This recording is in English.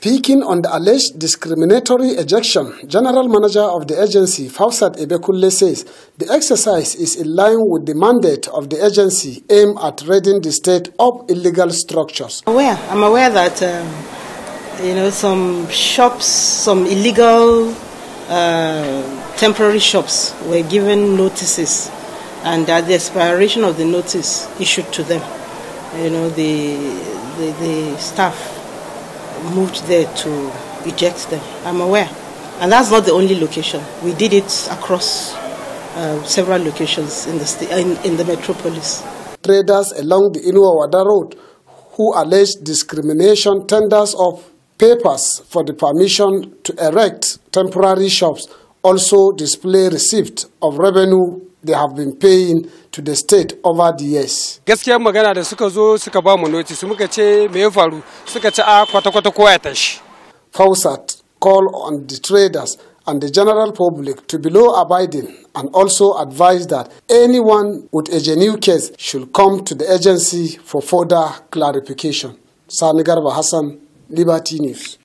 Speaking on the alleged discriminatory ejection, General Manager of the agency, Fausat Ebekule says the exercise is in line with the mandate of the agency aimed at raiding the state of illegal structures. I'm aware, I'm aware that uh, you know some shops, some illegal uh, temporary shops were given notices, and at the expiration of the notice issued to them, you know the, the, the staff moved there to eject them. I'm aware. And that's not the only location. We did it across uh, several locations in the, in, in the metropolis. Traders along the Inuawada Road who alleged discrimination tenders of papers for the permission to erect temporary shops also display receipt of revenue they have been paying to the state over the years. gaskiya magana da suka zo suka ba mu notice muka ce me ya faru suka ce a kwata-kwata ko ya tashi. Fausat call on the traders and the general public to be law abiding and also advise that anyone with a genuine case should come to the agency for further clarification. Sani Garba Hassan, Liberty News.